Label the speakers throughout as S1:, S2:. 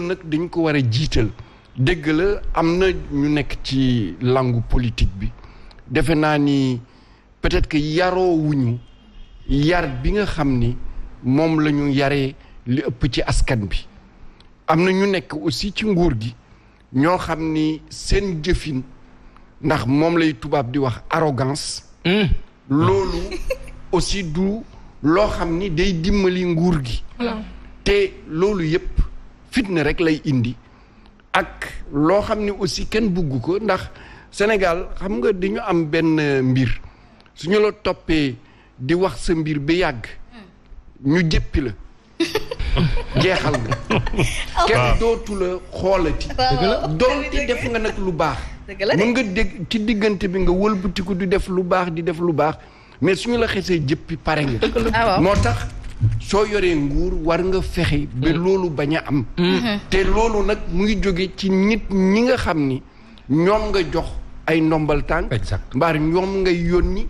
S1: nag dañ ko war a jiital dégg la am na ñu nekk ci langu politique bi defe naa ni peut-être que yaroowuñu yar bi nga xam ni moom la ñu yaree li ëpp ci askan bi am na ñu nekk aussi ci nguur gi ñoo xam ni seen jëfin ndax moom lay tubaab di wax arrogance hmm. loolu aussi du loo xam ni day dimbali nguur gi te loolu yëpp fitna rek lay indi ak loo xam ne aussi kenn bugg ko ndax Sénégal xam nga dañu am benn mbir suñu la toppee di wax sa mbir ba yàgg ñu jëppi la jeexal nga kenn ah. dootu la xoolati doonte def nga nag lu baax mën nga dégg ci diggante bi nga wëlbatiku di def lu baax di def lu baax mais suñu la xesee jëppi pare nga ah, moo tax soo yoree nguur war nga fexe ba mm. loolu bañ a am mm-hmm. te loolu nag mu ngi jóge ci nit ñi nga xam ni ñoom nga jox ay ndombal tànk mbaar ñoom ngay yónni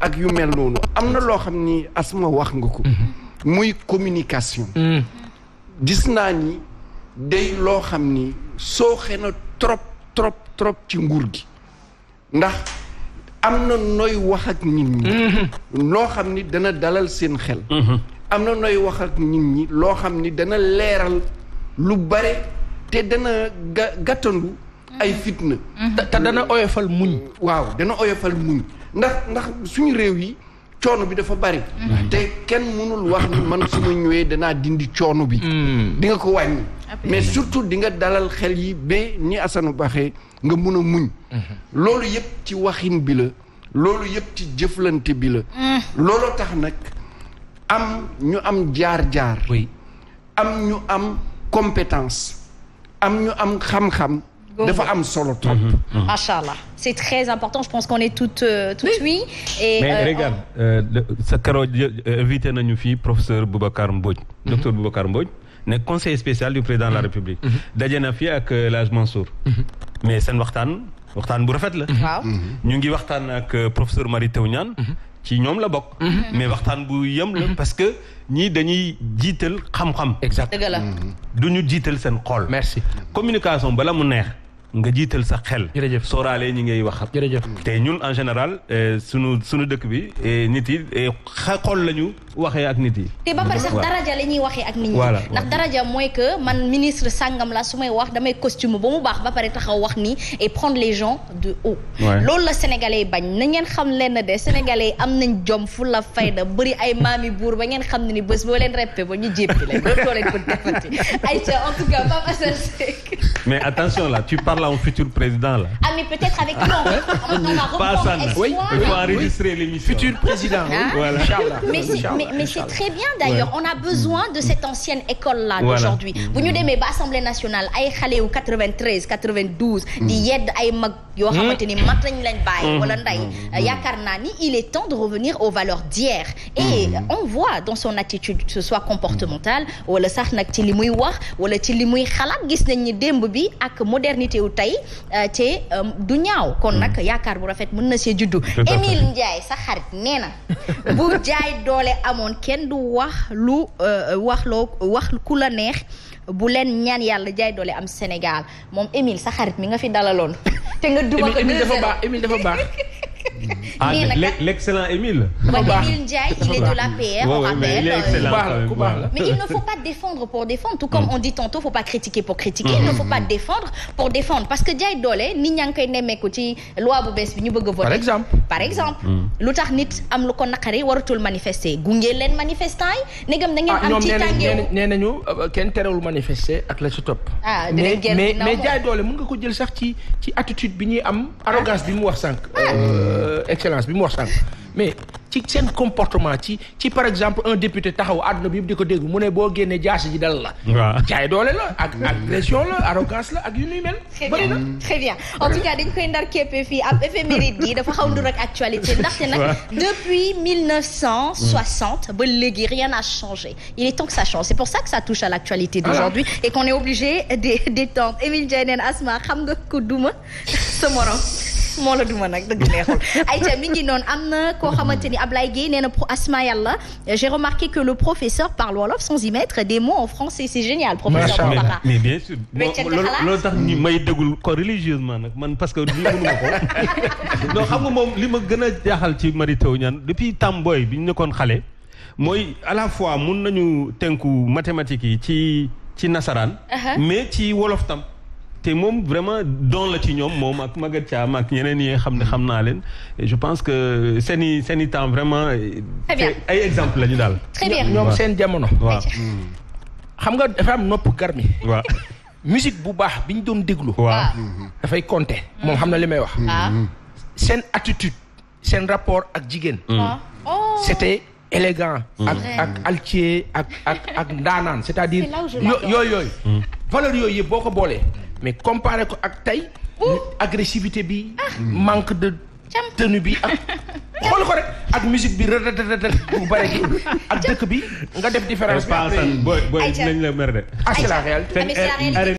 S1: ak yu mel noonu am na loo xam ni asma wax nga ko mm-hmm. muy communication mm. gis naa ni day loo xam ni soo xëy na trop trop trop ci nguur gi ndax am na nooy wax ak nit ñi mm-hmm. loo xam ni dana dalal seen xel am na nooy wax ak nit ñi loo xam ni dana leeral lu bare te dana ga ay fitna. te dana oyofal muñ. waaw dana oyofal muñ ndax ndax suñu réew yi coono bi dafa bari. Mm-hmm. te kenn mënul wax ni man su ma ñëwee danaa dindi coono bi. Mm. di nga ko wàññi. mais surtout di nga dalal xel yi ba ni asanu baxee nga mun a muñ. Mm-hmm. loolu yëpp ci waxin bi la. loolu yëpp ci jëflante bi la. Mm. looloo tax nag. am ñu am jaar-jaar. oui am ñu am compétence am ñu am xam-xam. dafa am solo trop. Mhm, mhm.
S2: macha allah c'est très important je pense qu'on est tout euh, tout oui. et mais euh, regarde
S1: euh, sa keroog
S3: invité nañu fii professeur Boubacar Mbodj. Mhm. docteur Boubacar Mbodj nekk conseiller spécial du président de la République. daje na fii ak El Hadj Mansour. mais seen waxtaan waxtaan bu rafet la. waaw ñu ngi waxtaan ak professeur Mary Teuw Niane ci ñoom la bokk. Mhm. Mhm. mais waxtaan bu yem la mhm. parce que ñii dañuy jiital xam-xam. exact du ñu jiital seen xol. merci communication bala mu neex. nga jiital sa xel. jërëjëf sóoraale ñi ngay wax. jërëjëf te ñun en général eh, sunu sunu dëkk bi eh, nit yi eh, xol la ñu waxee ak nit yi.
S2: te ba pare sax daraja la ñuy waxee ak nit ñi. ndax daraja mooy que man ministre sàngam la su may wax damay costume ba mu baax ba pare taxaw wax ni et prendre les gens de haut. loolu la sénégalais yi bañ na ngeen xam leen de sénégalais yi am nañ jom fu la fayda bëri ay maami buur ba ngeen xam ne ni bës boo leen reppe ba ñu jéppi leen loolu doo leen defati ayca
S3: Mais attention là, tu parles à un futur président là.
S2: Ah mais peut-être avec a de cette ancienne école là d'aujourd'hui. Mm. Bu ñu demee ba Assemblée nationale ay xale yu 93, 92 di mm. yedd ay mag yoo mhm. xamante ni mag lañ leen bàyyi mhm. wala nday mhm. yaakaar naa ni il est temps de revenir aux valeurs d'hier et on voit dans son attitude que ce soit comportementale wala sax nag ci li muy wax wala ci li muy xalaat gis nañ ni démb bi ak modernité wu tey euh, te euh, du ñaaw kon nag yaakaar bu rafet mën na see juddu Émile Ndiaye sa xarit nee na bu jaay doole amoon kenn du wax lu euh, wax loo wax ku la neex bu leen ñaan yàlla jaay doole am Sénégal moom Émile sa xarit mi nga fi dalaloon te nga duma ko Émile dafa baax Émile dafa baax. ah a
S3: Émile. dafa baax Émile Ndiaye il est de l'APR. on rappelle mais il ne faut
S2: pas défendre pour défendre. tout comme mm. on dit tantôt faut pas critiquer pour critiquer. Mm. parce que jaay doole nit ñaa ngi koy nemmeeku ci loi bu bees bi ñu bëgg a par exemple par mm. lu tax nit am lu ko naqari waratul manifester gunge leen manifestant yi ndegam da ngeen ah, am. ci tàngeewu
S3: nee nañu euh, kenn terewul manifester ak la ci topp. ah mais mais jaay doole mën nga ko jël sax ci ci attitude bi ñuy am arrogance bi mu wax sànq. Ah. Euh, excellence bi mu wax sànq mais ci seen comportement ci ci par exemple un député taxaw àdduna bi yëpp di ko dégg mu ne boo génnee jaasi ji dal la. waaw jaay doole la ak la arrogance la ak yu nuy mel. bëri na
S2: très fii ab éphéméride gi dafa xaw ndur ak actualité ndaxte nag depuis 1960 ba léegi rien n'a changé il est temps que ça change c'est pour ça que ça touche à l'actualité d'aujourd'hui et qu'on est obligé de Émile Diaye Asma xam nga ko duma sa morom. moo la duma nag dëgg neexul ayca mi ngi noonu am na koo xamante ni pro asma j'ai remarqué que le professeur parle wolof sans y mettre des mots en français c'est génial professeur Babacar
S3: mais bien sûr loolu tax ñu may déglu ko nag man parce que li mënuma ko non xam nga moom li ma gën a jaaxal ci Mary Teuw Niane depuis tàmbooy bi ñu nekkoon xale mooy à la fois mun nañu tënku mathématiques yi ci ci nasaraan uh-huh. mais ci wolof tam te moom vraiment don la ci ñoom moom ak Maguette Thiam ak ñeneen yi nga xam ne xam naa leen je pense que seen i seen i temps vraiment. ay exemple la ñu daal. ñoom seen jamono. waaw hmm. xam nga dafa am nopp garmi waaw musique bu baax bi ñu doon déglu. waaw ah. dafay compter. Hmm. moom xam na li may wax. Hmm. Ah. seen attitude seen rapport ak jigéen. Ah.
S2: Oh. c'était
S3: élégant ak ak altier ak ak ak ndaanaan c'est-à-dire yooyu yooyu valeur yooyu yëpp boo ko boolee mais comparé ko ak tey. agressivité bi. Ah. manque de tenue bi ak. xool ko ak musique bi rëdd rëdd bu bare gi ak dëkk bi nga def différence bi. ay booy booy dinañ la mer de. Ah, la réalité.